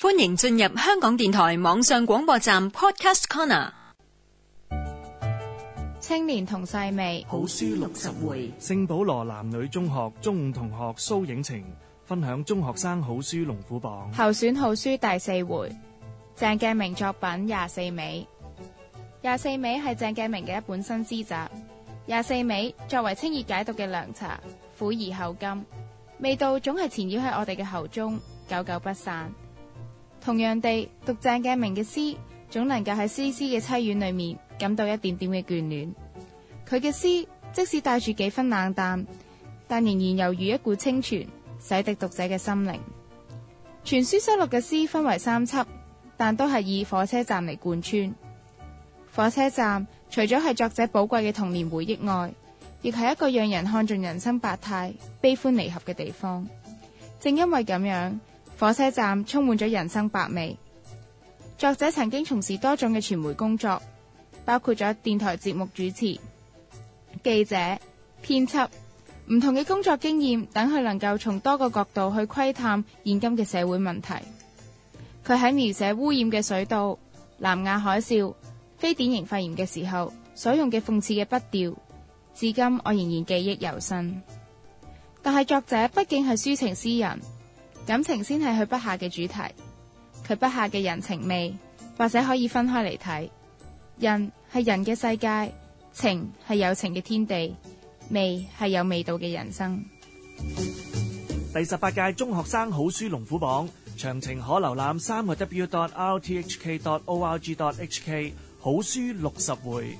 歡迎進入香港電台網上廣播站 Podcast Corner。青年同細味好書六十回。聖保羅男女中學中五同學蘇映澄分享中學生好書龍虎榜候選好書第四回。鄭鏡明作品廿四味。廿四味係鄭鏡明嘅一本新詩集。廿四味作為清熱解毒嘅涼茶，苦而後甘，味道總係纏繞喺我哋嘅喉中，久久不散。同樣地，讀鄭鏡明嘅詩，總能夠喺絲絲嘅淒婉裏面感到一點點嘅眷戀。佢嘅詩即使帶住幾分冷淡，但仍然猶如一股清泉，洗滌讀者嘅心靈。全書收錄嘅詩分為三輯，但都係以火車站嚟貫穿。火車站除咗係作者寶貴嘅童年回憶外，亦係一個讓人看盡人生百態、悲歡離合嘅地方。正因為咁樣。火車站充滿咗人生百味。作者曾經從事多種嘅傳媒工作，包括咗電台節目主持、記者、編輯，唔同嘅工作經驗等，佢能夠從多個角度去窺探現今嘅社會問題。佢喺描寫污染嘅水道、南亞海嘯、非典型肺炎嘅時候，所用嘅諷刺嘅筆調，至今我仍然記憶猶新。但係作者畢竟係抒情詩人。感情先係佢筆下嘅主題，佢筆下嘅人情味，或者可以分開嚟睇。人係人嘅世界，情係有情嘅天地，味係有味道嘅人生。第十八屆中學生好書龍虎榜，詳情可瀏覽三個 w.dot.rthk.dot.org.dot.hk 好書六十回。